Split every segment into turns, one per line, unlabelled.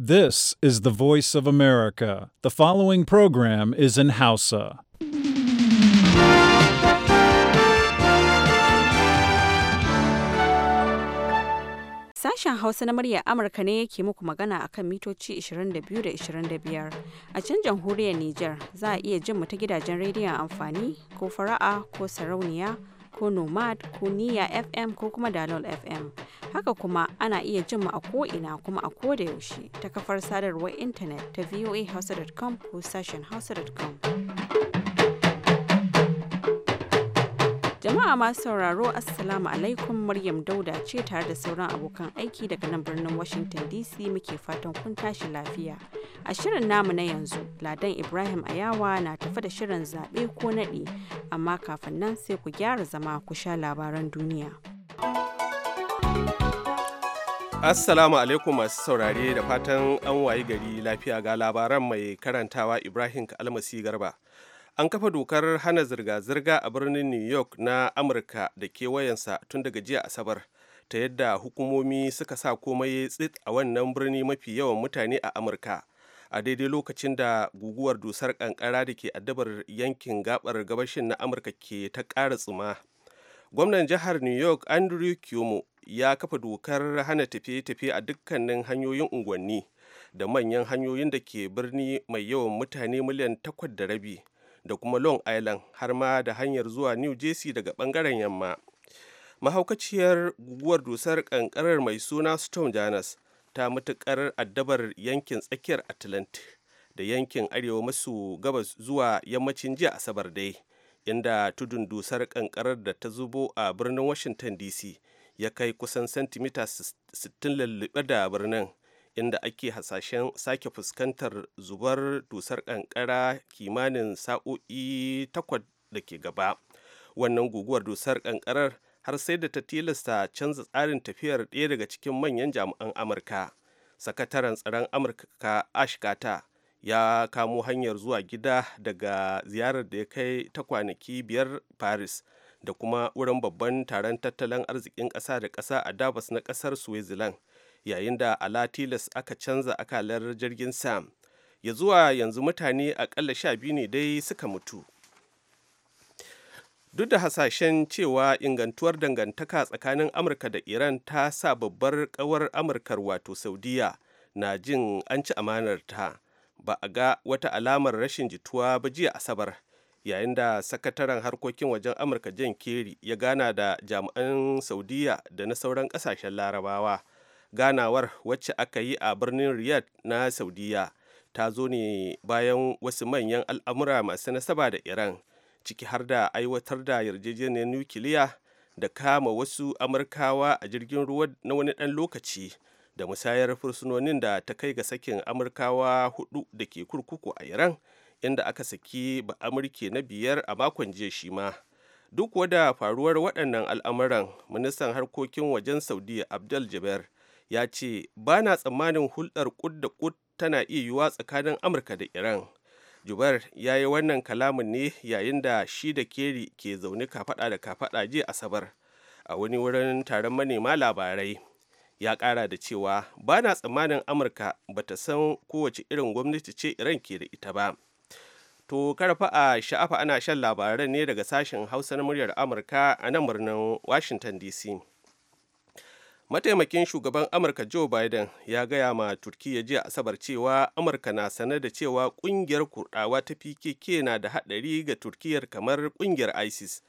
This is the voice of America. The following program is in Hausa.
Sashen Hausa na murya Amurka ne yake muku magana akan mitoci 22 da 25. A can jamhuriyar Nijar za a iya jin mu ta gidajen rediyon amfani ko fara'a ko sarauniya. ko nomad ko niya fm ko kuma dalol fm haka kuma ana iya jin mu a ko'ina kuma a ko da yaushe ta kafar sadarwar intanet ta voahausa.com ko sashen hausa.com Jama'a masu sauraro Assalamu alaikum Maryam Dauda ce tare da sauran abokan aiki daga nan birnin Washington DC muke fatan kun tashi lafiya. A shirin namu na yanzu, Ladan Ibrahim Ayawa na tafi da shirin zaɓe ko naɗi, amma kafin nan sai ku gyara zama ku sha labaran duniya.
Assalamu alaikum masu saurare da fatan an wayi gari lafiya ga labaran mai karantawa Ibrahim Almasi Garba. an kafa dokar hana zirga-zirga a birnin new york na amurka da kewayensa tun daga jiya asabar ta yadda hukumomi suka sa komai tsit a wannan birni mafi yawan mutane a amurka a daidai lokacin da guguwar dusar kankara da ke addabar yankin gabar gabashin na amurka ke ta kara tsuma gwamnan jihar new york andrew cuomo ya kafa dokar hana tafiye-tafiye a dukkanin hanyoyin unguwanni da manyan hanyoyin da ke birni mai yawan mutane miliyan takwas da rabi da kuma long island har ma da hanyar zuwa new jersey daga bangaren yamma mahaukaciyar guguwar dusar kankarar mai suna stone janus ta matukar addabar yankin tsakiyar atlantic da yankin arewa masu gabas zuwa yammacin jiya asabar dai inda tudun dusar kankarar da ta zubo a birnin washington dc ya kai kusan santimita 60 lullube da birnin inda ake hasashen sake fuskantar zubar dusar kankara kimanin sa'o'i takwas da ke gaba wannan guguwar dusar kankarar har sai da ta tilasta canza tsarin tafiyar ɗaya daga cikin manyan jami'an amurka sakataren tsaron amurka ashkata ya kamo hanyar zuwa gida daga ziyarar da ya kai ta kwanaki biyar paris da kuma wurin babban taron tattalin arzikin ƙasa da ƙasa a davos na ƙasar switzerland yayin da ala tilas aka canza akalar jirgin sam ya zuwa yanzu mutane akalla sha biyu ne dai suka mutu duk da hasashen cewa ingantuwar dangantaka tsakanin amurka da iran ta sa babbar kawar amurkar wato saudiya na jin an ci amanar ta ba a ga wata alamar rashin jituwa ba jiya asabar yayin da sakataren harkokin wajen amurka jan keri ya gana da jami'an saudiya da na sauran kasashen larabawa ganawar wacce aka yi a birnin riyadh na saudiya ta zo ne bayan wasu manyan al'amura masu nasaba da iran ciki har da aiwatar da yarjejeniyar nukiliya da kama wasu amurkawa a jirgin ruwa na wani ɗan lokaci da musayar fursunonin da ta kai ga sakin amurkawa hudu da ke kurkuku a iran inda aka saki ba amurke na biyar a makon jiya shi ma duk wada faruwar waɗannan al'amuran ministan harkokin wajen saudiya abdul jaber ya ce ba na tsammanin hulɗar kud da kud tana iya yiwuwa tsakanin amurka da iran Jubar ya yi wannan kalamin ne yayin da shi da keri ke zaune kafaɗa da kafaɗa jiya asabar a wani wurin taron manema labarai ya ƙara da cewa ba na tsammanin amurka ba ta san kowace irin gwamnati ce iran ke da ita ba to karfa a sha'afa ana shan labaran ne daga sashen hausa na muryar amurka a nan birnin washington dc mataimakin shugaban amurka joe biden ya gaya ma turkiyya jiya asabar cewa amurka na sane da cewa kungiyar kurdawa ta pkk na da haɗari ga turkiyar kamar kungiyar isis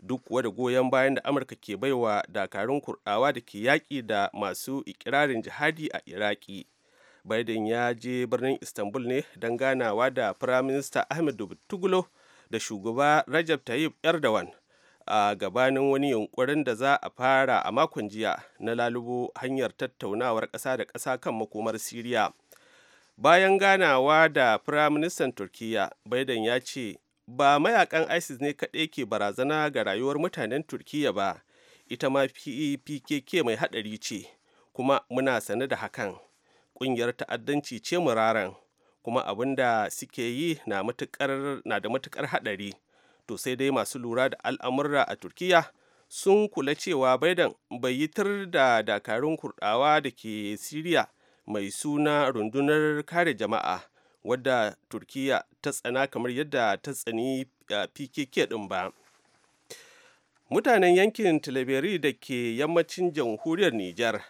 duk wada goyon bayan da amurka ke baiwa dakarun kurdawa da ke yaƙi da masu ikirarin jihadi a iraki biden ya je birnin istanbul ne don ganawa da firaminista ahmed tugulo da shugaba rajab tayyip erdogan a gabanin wani yunkurin da za a fara a makon jiya na lalubo hanyar tattaunawar ƙasa da ƙasa kan makomar siriya bayan ganawa da firaministan turkiya biden ya ce ba mayakan isis ne kaɗai ke barazana ga rayuwar mutanen turkiya ba ita ma pkk e mai haɗari ce kuma muna sane da hakan ƙungiyar ta'addanci ce muraren, kuma abin da suke yi na da matuƙar haɗari to sai dai masu lura da al'amurra a turkiya sun kula cewa biden bai yi tur da dakarun kurɗawa da ke siriya mai suna rundunar kare jama'a wadda turkiya ta tsana kamar yadda ta tsani eh, pkk din ba mutanen yankin tilaberi da ke yammacin jamhuriyar niger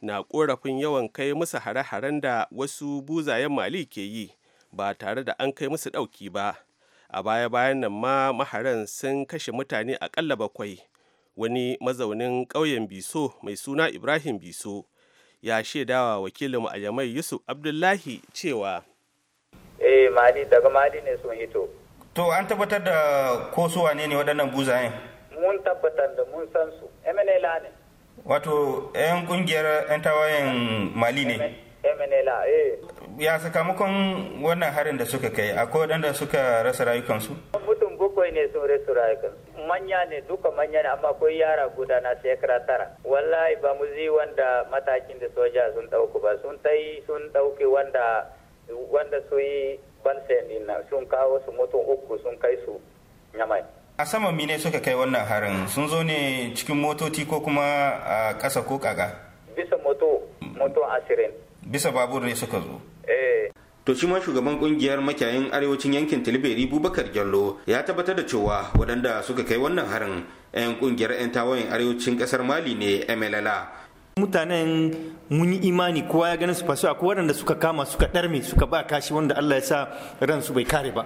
na korafin yawan kai musu hare-haren da wasu buzayen mali ke yi ba tare da an kai musu ɗauki ba a baya-bayan nan ma maharan sun kashe mutane akalla bakwai wani mazaunin ƙauyen biso mai suna ibrahim biso ya shaidawa wakilinmu a yamai yusuf abdullahi cewa eh mali daga mali ne sun hito to an tabbatar da ko su wane
ne waɗannan buzayen
mun tabbatar da mun san su mnla ne
wato 'yan kungiyar 'yan tawayen mali ne
mnla eh
ya sakamakon wannan harin da suka kai akwai waɗanda suka rasa rayukansu
mutum bakwai ne sun rasa rayukansu manya ne duka manya ne amma akwai yara guda na shekara tara wallahi ba mu zi wanda matakin da soja sun ɗauku ba sun ta yi sun ɗauki wanda wanda su yi balsen na sun kawo su mutum uku sun kai su nyamai a sama mine suka kai wannan harin sun zo ne cikin motoci ko kuma a ƙasa ko kaga bisa moto moto asirin bisa babur ne suka zo Eh.
To shi shugaban kungiyar makiyayin arewacin yankin Tilberi Bubakar Jallo ya tabbatar da cewa waɗanda suka kai wannan harin 'yan kungiyar 'yan tawayen arewacin ƙasar Mali
ne MLLA. Mutanen mun yi imani kowa ya ganin su faso akwai waɗanda suka kama suka ɗarme suka ba kashi wanda Allah ya sa ransu bai kare ba.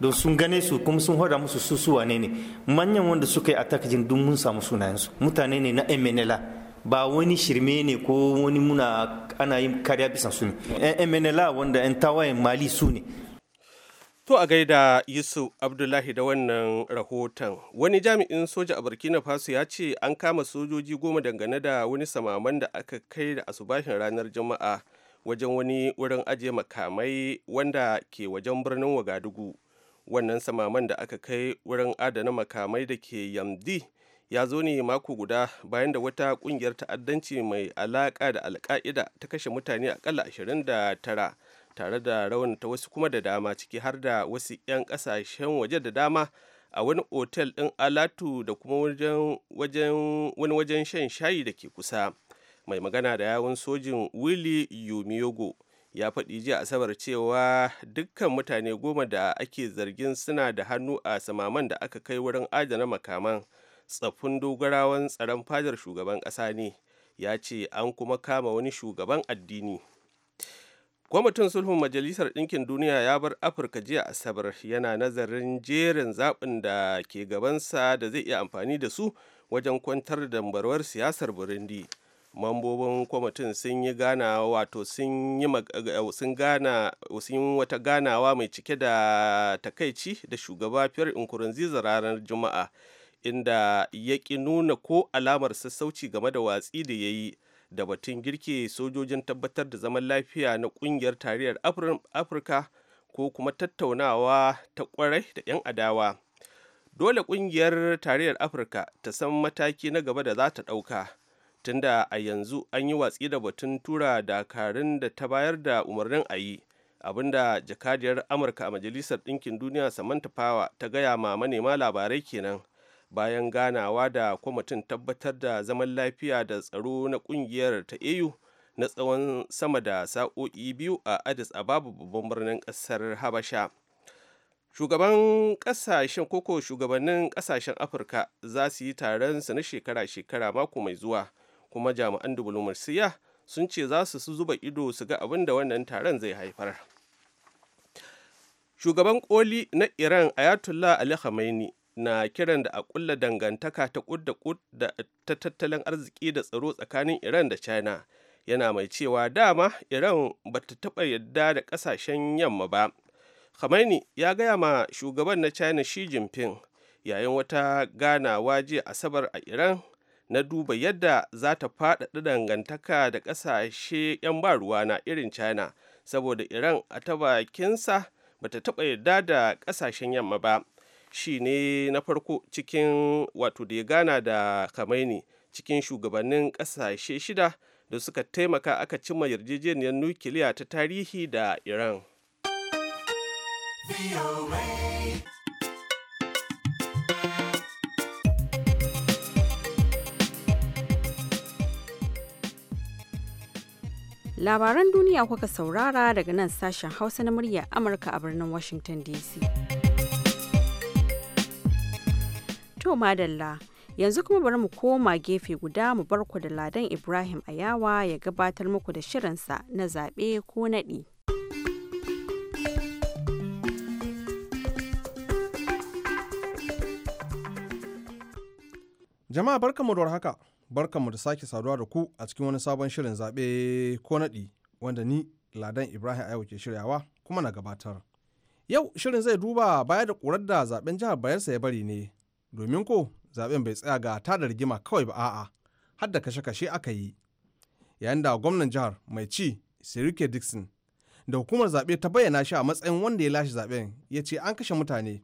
Don sun gane su kuma sun hoda musu su su wane ne manyan wanda suka yi attack jin dun mun samu sunayensu mutane ne na MLLA. ba wani shirme ne ko wani muna ana yin kariya bisa su ne yan mnla wanda yan tawayen mali su ne to a gaida yusuf abdullahi
da wannan rahoton wani jami'in soja a burkina faso ya ce an kama sojoji goma dangane da wani samaman da aka kai da asubahin ranar juma'a wajen wani wurin ajiye makamai wanda ke wajen birnin wagadugu wannan samaman da aka kai wurin adana makamai da ke yamdi ya zo ne mako guda bayan da wata kungiyar ta'addanci mai alaka da alka'ida ta kashe mutane akalla 29 tare da rawan ta wasu kuma da dama ciki har da wasu 'yan kasashen waje da dama a wani otel ɗin alatu da kuma wani wajen shan shayi da ke kusa mai magana da yawun sojin willy yumiogo ya faɗi jiya asabar cewa dukkan mutane goma da ake zargin suna da hannu a samaman da aka kai wurin adana makaman tsaffin dogarawan tsaron fadar shugaban ƙasa ne ya ce an kuma kama wani shugaban addini kwamitin sulhun majalisar ɗinkin duniya ya bar afirka jiya asabar yana nazarin jerin zaɓin da ke gabansa da zai iya amfani da su wajen kwantar da siyasar burundi mambobin kwamitin sun yi gana wato sun yi wata ganawa mai cike da takaici da shugaba fiyar nkurunziza ranar juma'a inda ya ƙi nuna ko alamar sassauci game da watsi da ya yi da batun girke sojojin tabbatar da zaman lafiya na ƙungiyar tarayyar afirka ko kuma tattaunawa ta kwarai da 'yan adawa dole ƙungiyar tarayyar afirka ta san mataki na gaba da za ta ɗauka tunda a yanzu an yi watsi da batun tura dakarun da ta bayar da umarnin a yi abinda jakadiyar amurka a majalisar ɗinkin duniya samantha power ta gaya ma manema labarai kenan bayan ganawa da kwamitin tabbatar da zaman lafiya da tsaro na kungiyar ta au na tsawon sama da sa'o'i biyu a addis babu babban birnin kasar habasha shugaban kasashen koko shugabannin kasashen afirka za su yi taron su na shekara-shekara mako mai zuwa kuma jami'an diplomasiyya sun ce za su su zuba ido su ga abin da wannan taron zai haifar shugaban koli na iran ayatollah ali khamenei na kiran da a kulla dangantaka ta kud da kud da ta tattalin arziki da tsaro tsakanin iran da china yana mai cewa dama iran ba ta taba yadda da kasashen yamma ba khamenei ya gaya ma shugaban na china shi jinping yayin wata ganawa jiya asabar a iran na duba yadda za ta faɗaɗa dangantaka da ƙasashe 'yan ba ruwa na irin china saboda iran a ta bakinsa ba ta taɓa yarda da ƙasashen yamma ba shi ne na farko cikin wato da ya gana da kamaini cikin shugabannin ƙasashe shida da suka taimaka aka cimma yarjejeniyar nukiliya ta tarihi da iran
labaran duniya kuka saurara daga nan sashen hausa na murya amurka a birnin washington dc To madalla, yanzu kuma bari mu koma gefe guda mu bar ku da Ladan Ibrahim Ayawa ya gabatar muku da shirinsa na zaɓe ko naɗi.
Jama'a barkanmu da haka barkanmu da sake saduwa da ku a cikin wani sabon shirin zaɓe ko naɗi wanda ni Ladan Ibrahim Ayawa ke shiryawa kuma na gabatar. Yau shirin zai duba baya da ƙurar da zaɓen jihar Bayelsa ya bari ne domin ko zaben bai tsaya ga tada rigima kawai ba a'a har da kashe-kashe aka yi yayin da gwamnan jihar mai ci sirike dixon da hukumar zaɓe ta bayyana shi a matsayin wanda ya lashe zaɓen ya ce an kashe mutane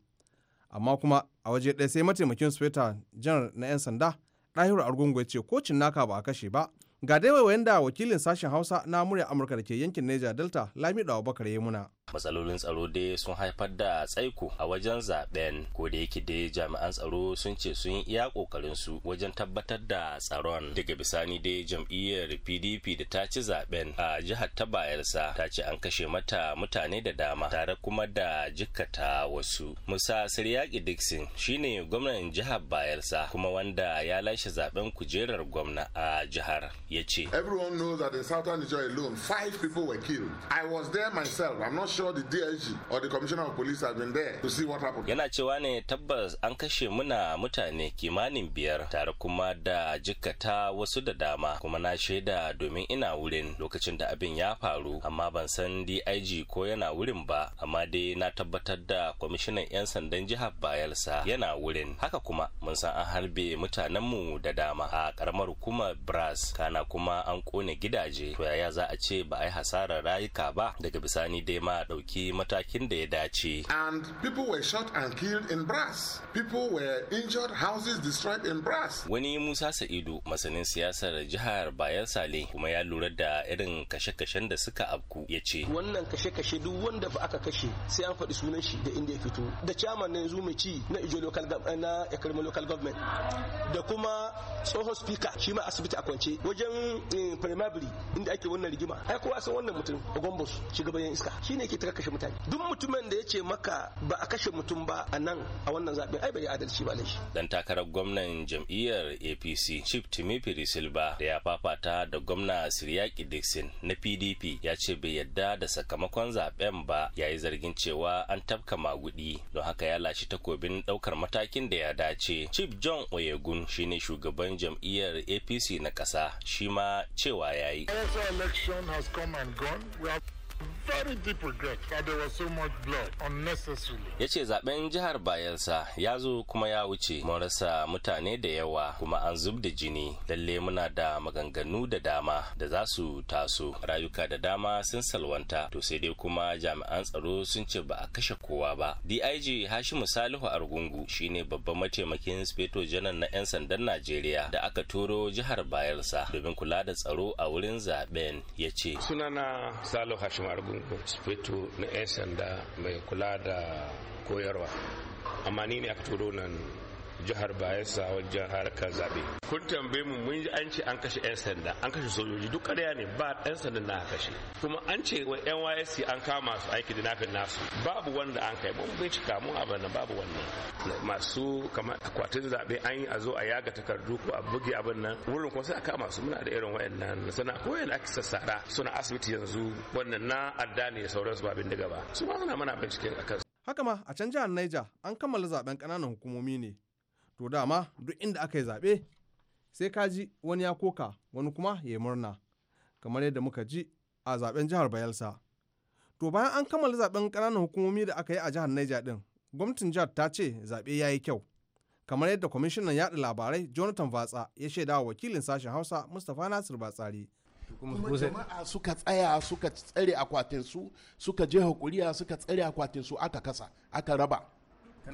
amma kuma a waje ɗaya sai mataimakin sweta janar na 'yan sanda ɗahiru argungu ya ce kocin naka ba a kashe ba ga dai wayan da wakilin sashen hausa na murya amurka da ke yankin niger delta lamiɗawa abubakar ya muna
matsalolin tsaro dai sun haifar da tsaiko a wajen zaben ko da yake dai jami'an tsaro sun ce sun yi iya kokarin su wajen tabbatar da tsaron daga bisani dai jam'iyyar pdp da ta ci zaben a jihar ta bayelsa ta ce an kashe mata mutane da dama tare kuma da jikkata wasu musa siryaki dixon shine gwamnan jihar bayelsa kuma wanda ya lashe zaben kujerar gwamna a jihar ya ce
everyone knows that in southern nigeria alone five people were killed sure the DSG or the Commissioner of Police has been there to see what happened.
Yana cewa ne tabbas an kashe muna mutane kimanin biyar tare kuma da jikkata wasu da dama kuma na shaida domin ina wurin lokacin da abin ya faru amma ban san DIG ko yana wurin ba amma dai na tabbatar da kwamishinan 'yan sandan jihar Bayelsa yana wurin haka kuma mun san an harbe mutanenmu da dama a karamar kuma Brass kana kuma an kone gidaje to yaya za a ce ba a yi hasarar rayuka ba daga bisani dai ma dauki matakin da ya dace.
And people were shot and killed in Brass. People were injured, houses destroyed in Brass.
Wani Musa Sa'idu masanin siyasar jihar bayan sale kuma ya lura da irin kashe-kashen da suka afku ya ce.
Wannan kashe-kashe duk wanda aka kashe sai an faɗi sunan shi da inda ya fito. Da chairman na yanzu mai ci na Ijo local eh, na local government da kuma tsohon speaker shi ma asibiti a kwance wajen eh, primary inda ake wannan rigima. Ai kowa san wannan mutum Ogombos shugaban iska shine ke take ta kashe mutane duk mutumin da ya ce maka ba a kashe mutum ba a nan a wannan zaɓen ai bai adalci ba laifi
dan takarar gwamnan jam'iyyar apc chief timothy silva da ya fafata da gwamna siriyaki dixon na pdp ya ce bai yadda da sakamakon zaben ba ya yi zargin cewa an tafka magudi don haka ya lashe takobin ɗaukar matakin da ya dace chief john oyegun shine shugaban jam'iyyar apc na ƙasa shi ma cewa ya yi Ya ce zaben jihar Bayelsa ya zo kuma ya wuce mun rasa mutane da yawa kuma an zub da jini lalle muna da maganganu da dama da za su taso rayuka da dama sun salwanta to sai dai kuma jami'an tsaro sun ce ba a kashe kowa ba. DIG Hashimu Salihu Argungu shine babban mataimakin Speto Janar na 'yan sandan Najeriya da aka turo jihar Bayelsa domin kula da tsaro a wurin zaben ya ce. Sunana Salihu Hashimu Argungu spiritu na 'yan sanda mai kula da koyarwa amma ni ne aka turo nan jihar Bayelsa wajen harkar zabe kun tambaye mu mun ji an ce an kashe yan sanda an kashe sojoji duk ƙarya ne ba yan sanda na kashe kuma an ce wa NYSC an kama su aiki da nafin nasu babu wanda an kai mun bincika mun abin nan babu wannan masu kamar akwatin zabe an yi a zo a yaga takardu ko a buge abin nan wurin kuma sai a kama su muna da irin wayannan sana ko yana ake sassara suna asibiti yanzu wannan na adda ne sauransu ba bindiga ba su ma suna mana bincike a kansu.
haka ma a can jihar Niger an kammala zaben kananan hukumomi ne to dama duk inda aka yi zaɓe sai ka ji wani ya koka wani kuma ya yi murna kamar yadda muka ji a zaɓen jihar bayelsa to bayan an kammala zaɓen ƙananan hukumomi da aka yi a jihar niger din gwamnatin jihar ta ce zaɓe ya yi kyau kamar yadda kwamishinan yaɗa labarai jonathan vatsa ya shaida wa wakilin sashen hausa mustapha nasir batsari kuma jama'a suka tsaya suka tsare akwatinsu
suka je hakuriya suka tsare akwatinsu aka kasa aka raba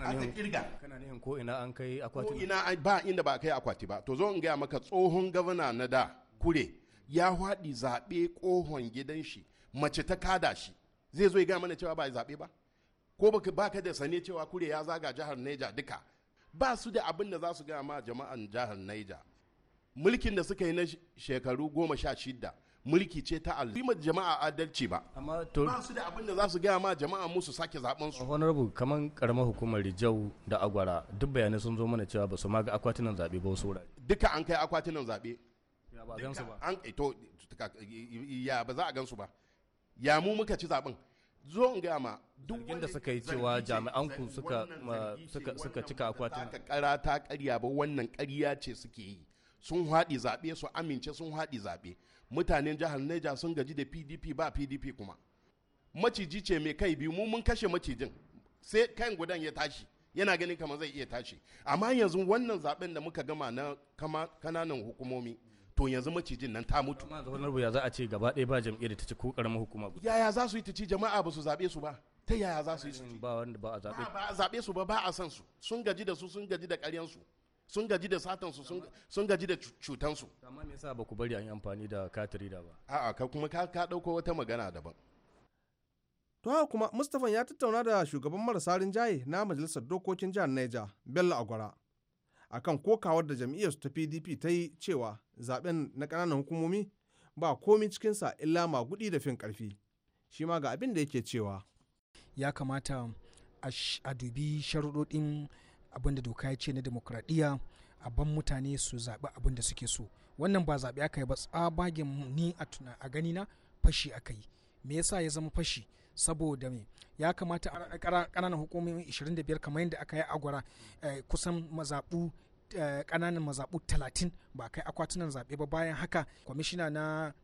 aka kirga
kana nihin ko ina an kai akwati ina ba inda ba kai akwati ba to zo in gaya maka tsohon gavana na da kure ya haɗi zaɓe ƙohon gidan shi mace ta kada shi zai zo ya gaya mana cewa ba zaɓe ba ko baka baka da sane cewa kure ya zaga jihar Niger duka ba su da abin da za su gaya ma jama'an jihar Niger mulkin da suka yi na shekaru goma sha shida mulki ce ta al ma jama'a adalci ba amma to ba su da abin da za su gaya ma jama'a musu sake zaben su honorable kaman karamar hukumar Rijau da
Agwara duk bayanai sun zo mana cewa ba su ma ga akwatunan zabe ba wasu wurare
duka an kai akwatunan zabe ya ba su ba an eh, to ya ba za a gansu ba ya mu muka ci zaben zo in gaya ma duk da suka yi cewa jami'an ku suka suka cika akwatin ka kara ta karya ba wannan karya ce suke yi sun haɗi zaɓe su amince sun haɗi zaɓe mutanen jihar Neja sun gaji da PDP ba PDP kuma maciji ce mai kai biyu mu mun kashe macijin sai kayan gudan ya tashi yana ganin kamar zai iya tashi amma yanzu wannan zaben da muka gama na kananan hukumomi to yanzu macijin nan ta mutu amma zaunar
ya za a ce gaba ɗaya ba jam'iyyar ta ci ko karamar hukuma
yaya za su yi ta ci jama'a ba su zaɓe su ba ta yaya za su yi ta ci ba wanda ba a zaɓe ba a zaɓe su ba ba a san su sun gaji da su sun gaji da ƙaryan su sun gaji da satansu sun gaji da cutansu amma me yasa ku bari an yi amfani da katiri da ba a'a ka kuma ka dauko wata magana daban
to haka kuma mustafa ya tattauna da shugaban marasa rinjaye na majalisar dokokin jihar Niger Bello Agwara akan kokawar da jam'iyyar ta PDP ta yi cewa zaben na kananan hukumomi ba komi sa illa magudi da fin karfi shi ma ga abin da yake cewa
ya kamata a dubi sharuɗoɗin abin da doka ya ce na demokradiyya a ban mutane su zaɓi abin da suke so wannan ba zaɓe aka yi ba tsabagen ni a gani na fashi aka yi me yasa ya zama fashi saboda me ya kamata a ƙananan hukumomi 25 kamar yadda aka yi agwara eh, kusan mazaɓu kananan eh, mazaɓu talatin ba kai akwatunan zaɓe ba bayan haka kwamishina na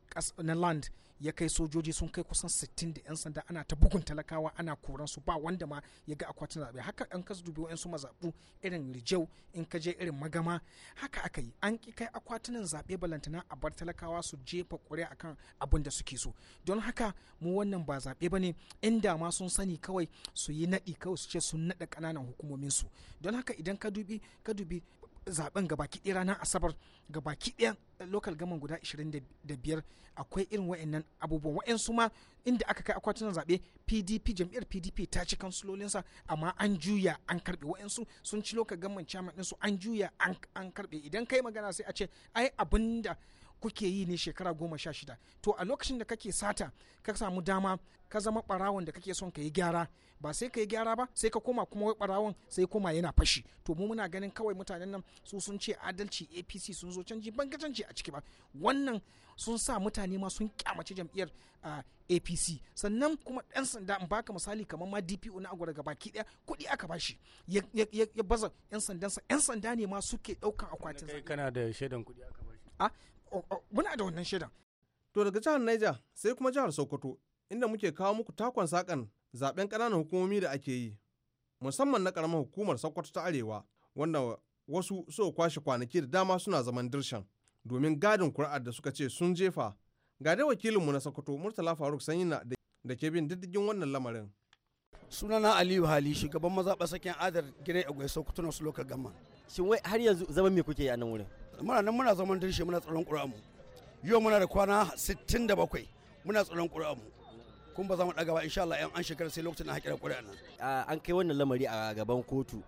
na land ya kai sojoji sun kai kusan 60 da 'yan sanda ana ta bugun talakawa ana koran su ba wanda ma ya ga akwatin zaɓe haka an kasu dubi su mazaɓu irin rijau in ka je irin magama haka aka yi an ki kai akwatunan zaɓe balantana a bar talakawa su jefa a akan abin da suke so don haka mu wannan ba zaɓe ba ne inda ma sun sani kawai su yi naɗi kawai su ce sun naɗa ƙananan hukumomin su don haka idan ka dubi ka dubi zaben gabaki ɗaya ranar asabar ga baki ɗaya lokal gaman guda 25 akwai irin wa'annan abubuwan wa'ansu ma inda aka kai akwatunan zaɓe pdp jam'iyyar pdp ta ci kansulolinsa amma an juya an karɓe wa'ansu sun ci lokal gaman chairman ɗinsu an juya an karɓe idan kai magana sai a ce ai abinda kuke yi ne shekara goma sha shida to a lokacin da kake sata ka samu dama ka zama barawon da kake son ka yi gyara ba sai ka yi gyara ba sai ka koma kuma wai barawon sai koma yana fashi to mu muna ganin kawai mutanen nan su sun ce adalci apc sun zo canji bangacanci a ciki ba wannan sun sa mutane ma sun kyamace jam'iyyar apc ah, sannan kuma dan sanda in baka misali kamar ma dpo na agwara gabaki daya kuɗi aka bashi ya baza yan sandansa yan sanda ne ma suke ɗaukan akwatin
kana da shaidan kuɗi aka
bashi a ah,
muna da wannan shaidan to daga jihar Niger sai kuma jihar Sokoto inda muke kawo muku takon sakan zaben ƙananan hukumomi da ake yi musamman na ƙaramar hukumar Sokoto ta Arewa wanda wasu so kwashe kwanaki da dama suna zaman dirshan domin gadin kuri'ar da suka ce sun jefa ga dai wakilinmu na Sokoto Murtala Faruk Sanyina da ke bin diddigin wannan lamarin sunana aliyu hali shugaban mazaɓa sakin adar gire a gwai
sokoto na su loka gama shin wai har yanzu zaman me kuke yi a nan wurin muna nan muna zaman dirshe muna tsaron ƙura'anmu yau muna da kwana 67 muna tsaron ƙura'anmu kun ba za mu ɗaga ba insha Allah yan an shekara sai lokacin na haƙira ƙuri'an nan an kai wannan lamari a gaban kotu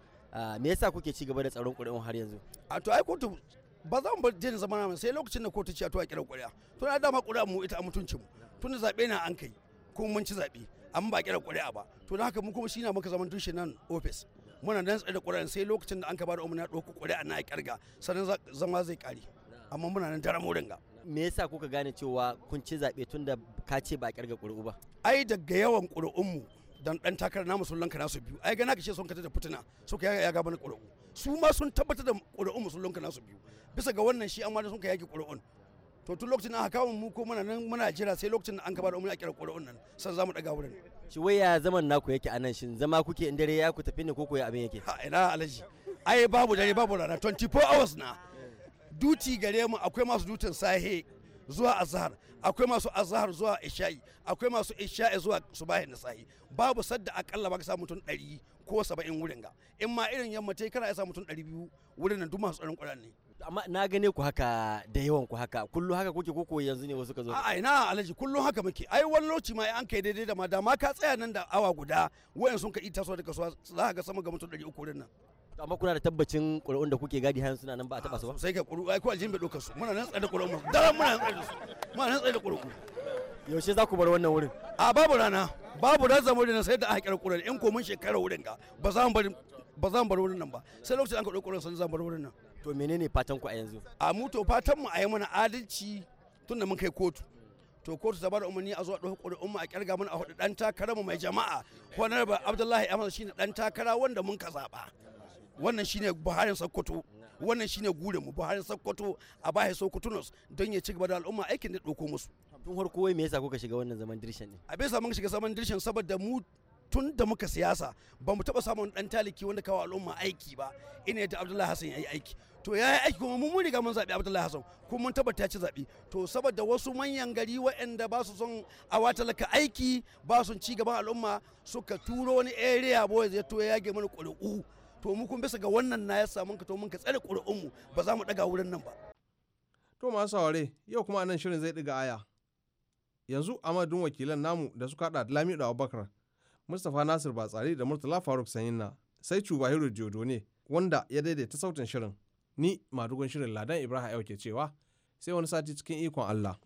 me yasa kuke ci gaba da tsaron ƙuri'an har yanzu a to ai kotu ba za mu bar jin zama na sai lokacin da kotu ce to a kira ƙuri'a to na dama ƙuri'a mu ita a mutuncin mu tun da zaɓe na an kai kuma mun ci zaɓe amma ba a kira ƙuri'a ba to na haka mu kuma shi na muka zaman tushe nan ofis muna nan tsaye da ƙuri'an sai lokacin da an ka bada umarni ɗauko ƙuri'a na a ƙirga sannan zama zai ƙare amma muna nan tara mu ga me yasa kuka gane cewa kun ci zaɓe tun da ka ce ba ƙirga ƙuri'u ba ai daga yawan ƙuri'unmu dan dan takarar namu sun lanka nasu biyu ai gana ce sun kata da fitina suka ya ga bana ƙuri'u su ma sun tabbatar da ƙuri'unmu sun lanka nasu biyu bisa ga wannan shi amma sun ka yaki ƙuri'un to tun lokacin da aka kawo mu ko muna nan muna jira sai lokacin da an ka bada umarni a ƙirga ƙuri'un nan san za mu ɗaga wurin shi wai ya zaman naku yake anan shin zama kuke in dare ya ku tafi ne ko koyi abin yake ha ina alaji ai babu dare babu rana 24 hours na duti gare mu akwai masu dutin sahe zuwa azhar akwai masu azhar zuwa isha'i akwai masu isha'i zuwa subahi na sahi babu sadda akalla ba ka samu mutum 100 ko 70 wurin ga in ma irin yamma tai kana ya samu mutum 200 wurin nan duk masu tsaron ƙuran ne amma na gane ku haka da yawan ku haka kullum haka kuke koko yanzu ne wasu ka zo a'a ina alhaji kullum haka muke ai wani lokaci ma an kai daidai da ma da ma ka tsaya nan da awa guda wayan sun ka ita so da kasuwa za ka ga sama ga mutum 300 din nan amma kuna da tabbacin ƙuri'un da kuke gadi hayan suna nan ba a taba su ba sai ka ƙuri'u ai ko aljin bai ɗaukar su muna nan tsaye da ƙuri'un mu dan muna nan tsaye da su muna nan tsaye da ƙuri'u yaushe za ku bar wannan wurin a babu rana babu da zama wurin sai da aka kira ƙuri'un in ko mun shekara wurin ka ba za mu bar wurin nan ba sai lokacin an ka ɗauki ƙuri'un mu bar wurin nan to menene fatan ku a yanzu a mu to fatan mu a yi mana adalci tunda mun kai kotu to kotu ta bada umarni a zuwa dauki ƙuri'un mu a kirga mana a hudu dan takara mu mai jama'a honorable abdullahi shi shine dan takara wanda mun ka zaba wannan shine buharin sakkwato wannan shine gure mu buharin sakkwato a bahi sokotunos don ya ci gaba da al'umma aikin da dauko musu tun farko wai me yasa kuka shiga wannan zaman dirshan ne a bisa mun shiga zaman dirshan saboda mu tun da muka siyasa ba mu taɓa samun dan taliki wanda kawo al'umma aiki ba ina da abdullahi hassan ya yi aiki to ya yi aiki kuma mun riga mun zaɓi abdullahi hassan ko mun tabbata ci zaɓi to saboda wasu manyan gari waɗanda ba su son a laka aiki ba su ci gaban al'umma suka turo wani area boy zai to ya yage mana ƙuri'u to mu kun
bisa ga wannan na ya samu ka to mun ka tsare mu ba za mu daga wurin nan ba. to masu saware yau kuma anan shirin zai diga aya yanzu amadu wakilan namu da suka hada da lamido abubakar mustapha nasir batsari da murtala faruk sanyinna sai cuba hiro jodo ne wanda ya daidaita sautin shirin ni madugun shirin ladan ibrahim yau ke cewa sai wani sati cikin ikon allah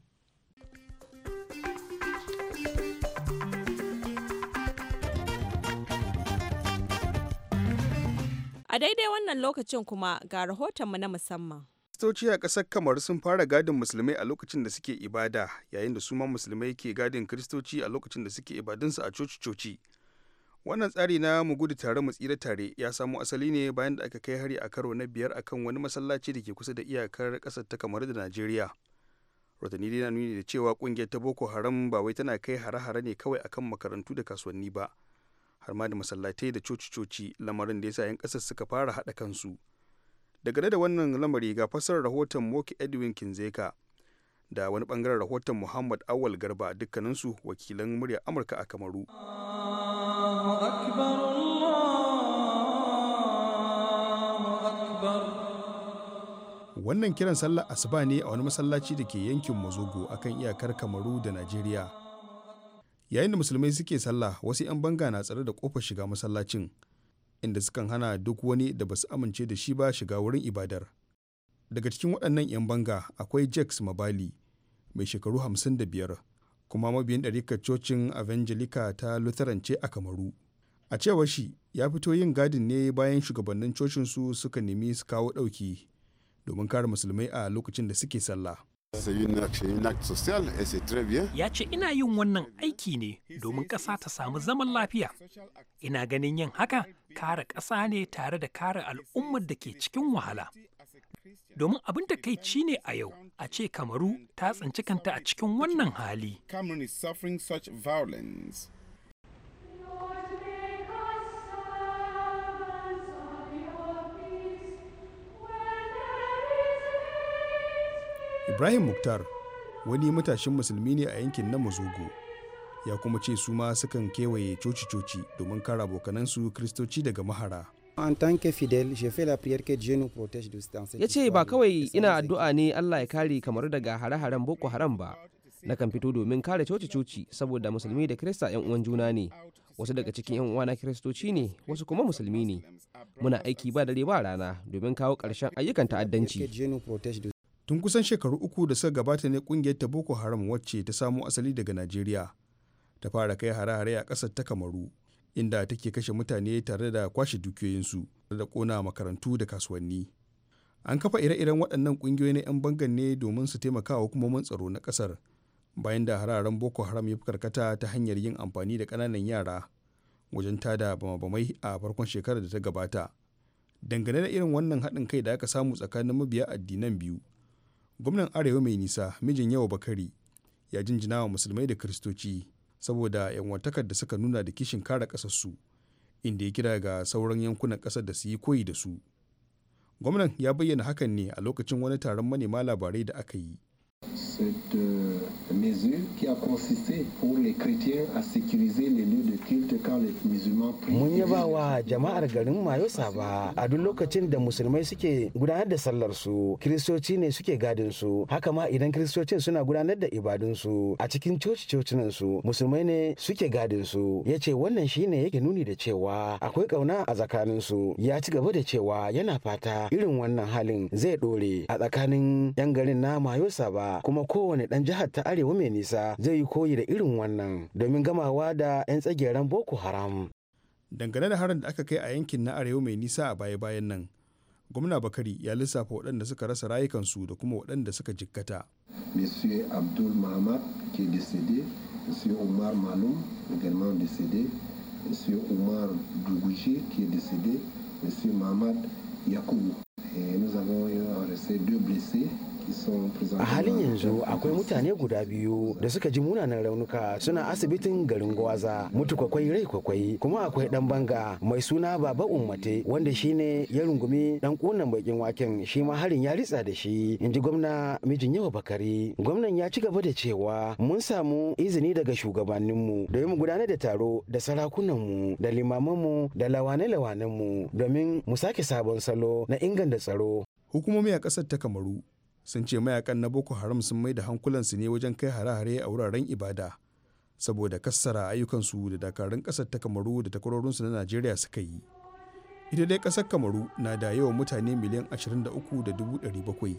a daidai wannan lokacin kuma ga rahotonmu na musamman
Kiristoci a ƙasar Kamar sun fara gadin musulmai a lokacin da suke ibada, yayin da suma musulmai ke gadin Kiristoci a lokacin da suke ibadunsu a coci-coci. wannan tsari na mu gudu tare mu tsira tare ya samo asali ne bayan da aka kai hari a karo na biyar akan wani masallaci da ke kusa da iyakar kasar ta kamar da najeriya rotani dai na nuni da cewa kungiyar ta boko haram ba wai tana kai hare-hare ne kawai akan makarantu da kasuwanni ba har ma da masallatai da coci-coci lamarin da ya sa 'yan kasar suka fara haɗa kansu daga da wannan lamari ga fasar rahoton moki edwin kinzeka da wani bangaren rahoton muhammad awal garba dukkaninsu wakilan murya amurka a kamaru wannan kiran sallah asuba ne a wani masallaci da ke yankin mazogo akan iyakar kamaru da najeriya yayin da musulmai suke sallah wasu 'yan banga na tsare da kofar shiga masallacin inda sukan hana duk wani da basu amince da shi ba shiga wurin ibadar daga cikin waɗannan 'yan banga akwai jakes mabali mai shekaru 55 kuma mabiyin ɗarikar cocin Evangelica ta Lutheran ce a Kamaru. A cewar shi ya fito yin gadin ne bayan shugabannin cocin su suka nemi su kawo ɗauki domin kare musulmai a lokacin da suke sallah.
Ya ce ina yin wannan aiki ne
domin
ƙasa ta samu zaman lafiya. Ina ganin yin haka kare ƙasa ne tare da kare al'ummar da ke cikin wahala. Domin abin da kai ci ne a yau a ce
Kamaru ta tsinci kanta a cikin wannan hali.
Ibrahim Mukhtar wani matashin musulmi ne a yankin na Mazugu. ya kuma ce su ma sukan kewaye coci-coci domin kara bokanansu kristoci daga mahara.
Ya
ce ba kawai ina addu'a ne Allah ya kare kamar daga hare-haren Boko Haram ba. Na kan fito domin kare coci-coci saboda musulmi da Kirista 'yan uwan juna ne. Wasu daga cikin 'yan uwana Kiristoci ne, wasu kuma musulmi ne. Muna aiki ba dare ba rana domin kawo karshen ayyukan ta'addanci. Tun kusan shekaru uku
da suka gabata ne kungiyar ta Boko Haram wacce ta samo asali daga Najeriya. Ta fara kai hare-hare a ƙasar ta Kamaru. inda take kashe mutane tare da kwashe dukiyoyinsu da kona makarantu da kasuwanni an kafa ire-iren waɗannan ƙungiyoyi na 'yan bangan ne domin su taimaka wa hukumomin tsaro na ƙasar bayan da hararen boko haram ya fi karkata ta hanyar yin amfani da ƙananan yara wajen tada bama-bamai a farkon shekarar da ta gabata dangane da irin wannan haɗin kai da aka samu tsakanin mabiya addinan biyu gwamnan arewa mai nisa mijin yawa bakari ya jinjina wa musulmai da kiristoci saboda yanwantakar da suka nuna da kishin kare ƙasarsu inda ya kira ga sauran yankunan ƙasar da su yi koyi da su gwamnan ya bayyana hakan ne a lokacin wani taron manema labarai da aka yi
cette euh, mesure qui a consisté pour les chrétiens à sécuriser
les lieux de culte quand les musulmans prient. Mun yaba
wa jama'ar garin Mayo Saba a duk lokacin da musulmai suke gudanar da sallar su, kiristoci ne suke gadin su. Haka ma idan kiristocin suna gudanar da ibadun su a cikin coci cocinan su, musulmai ne suke gadin su. Yace wannan shine yake nuni da cewa akwai kauna a tsakanin su. Ya ci gaba da cewa yana fata irin wannan halin zai dore a tsakanin yan garin na Mayo Saba kuma kowane ɗan jihar ta arewa mai nisa zai yi koyi da irin wannan domin gamawa da
'yan tsageren boko haram dangane da harin da aka kai a yankin na arewa mai nisa a baya-bayan nan gwamna bakari ya lissafa waɗanda suka rasa rayukansu da kuma waɗanda suka jikkata
monsieur abdul mahamad ke décédé monsieur omar malum également décédé monsieur umar dugushi qui est décédé monsieur mahamad yakubu et nous avons eu deux blessés a halin yanzu
akwai mutane guda biyu da suka ji munanan raunuka suna asibitin garin gwaza mutu kwakwai rai kwakwai kuma akwai dan banga mai suna baba ummate wanda shine ya rungumi dan kunan bakin waken shi ma harin ya ritsa da shi inji gwamna mijin yawa bakari gwamnan ya ci gaba da cewa mun samu izini daga shugabanninmu da mu gudanar da taro da sarakunanmu da limamanmu da lawane mu domin mu sake
sabon salo na inganta tsaro hukumomi a ƙasar ta kamaru sun ce mayakan na boko haram sun mai da hankulansu ne wajen kai hare-hare a wuraren ibada saboda kassara ayyukansu da dakarun kasar ta kamaru da takwarorinsu na najeriya suka yi ita dai ƙasar kamaru na da yawan mutane miliyan 23,700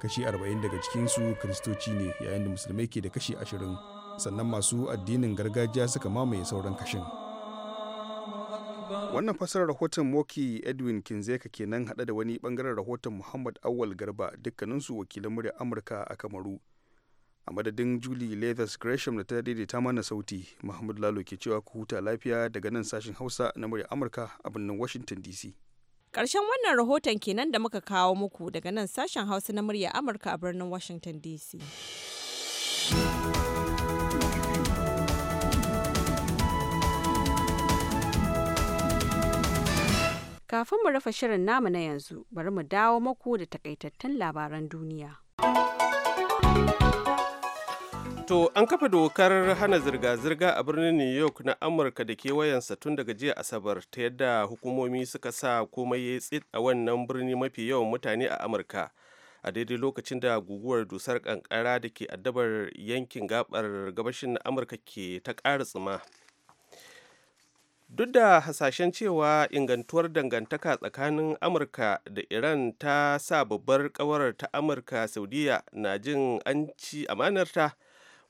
kashi 40 daga cikinsu kiristoci ne yayin da musulmai ke da kashi 20 sannan masu addinin gargajiya suka mamaye sauran kashin. wannan fasarar rahoton moki edwin kinzeka kenan hada da wani bangaren rahoton muhammad awal garba dukkaninsu wakilan murya amurka a kamaru a madadin julie leathers gresham da ta daidaita mana sauti mahmud lalo ke cewa ku huta lafiya daga nan sashen hausa na murya amurka a birnin washington dc
karshen wannan rahoton kenan da muka kawo muku daga nan sashen hausa na murya amurka a birnin washington dc Kafin mu rufe shirin namu na yanzu, bari mu dawo maku da takaitattun labaran duniya.
To, an kafa dokar hana zirga-zirga a birnin New York na Amurka da kewayensa tun daga jiya Asabar ta yadda hukumomi suka sa komai ya tsit a wannan birni mafi yawan mutane a Amurka. A daidai lokacin da guguwar dusar ƙanƙara da ke addabar yankin gabar gabashin Amurka ke ta ƙara tsima. duk da hasashen cewa ingantuwar dangantaka tsakanin amurka da iran ta sa babbar kawarar ta amurka saudiya na jin an ci amanarta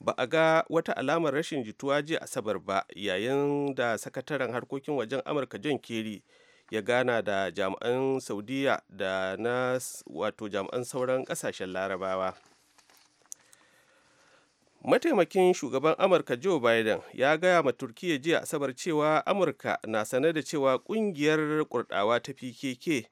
ba a ga wata alamar rashin jituwa jiya asabar ba yayin da sakataren harkokin wajen amurka john kerry ya gana da jami'an saudiya da na wato jami'an sauran kasashen larabawa mataimakin shugaban amurka joe biden ya gaya ma turkiyya jiya asabar cewa amurka na sane da cewa kungiyar kurdawa ta pkk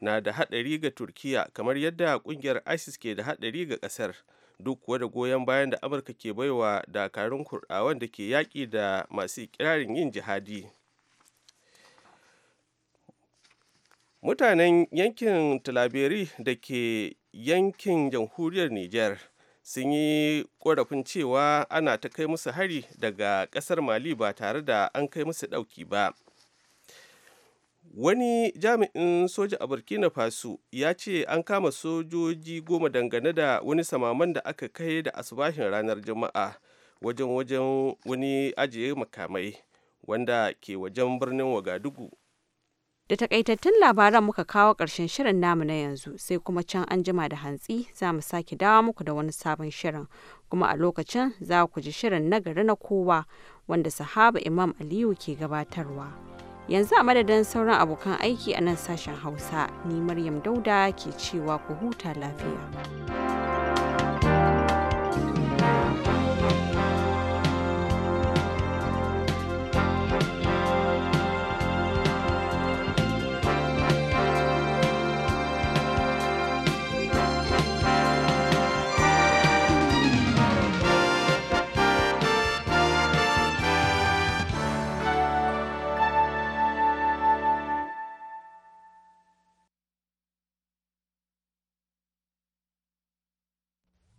na da hadari ga turkiyya kamar yadda kungiyar isis ke da hadari ga kasar duk kuwa goyon bayan da amurka ke baiwa dakarun kurdawan da ke yaƙi da masu ikirarin yin jihadi mutanen yankin talaberi da ke yankin jamhuriyar niger sun yi korafin cewa ana ta kai musu hari daga kasar mali ba tare da an kai musu ɗauki ba wani jami'in soja a burkina faso ya ce an kama sojoji goma dangane da wani samaman da aka kai da asubahin ranar juma'a wajen wajen wani ajiye makamai wanda ke wajen birnin wagadugu
Da takaitattun labaran muka kawo ƙarshen shirin namu na yanzu sai kuma can an jima da hantsi za mu sake dawo muku da wani sabon shirin kuma a lokacin za ku ji shirin nagari na kowa wanda sahaba Imam Aliyu ke gabatarwa. Yanzu a madadin sauran abokan aiki a nan sashen Hausa, ni Maryam Dauda ke cewa ku huta lafiya.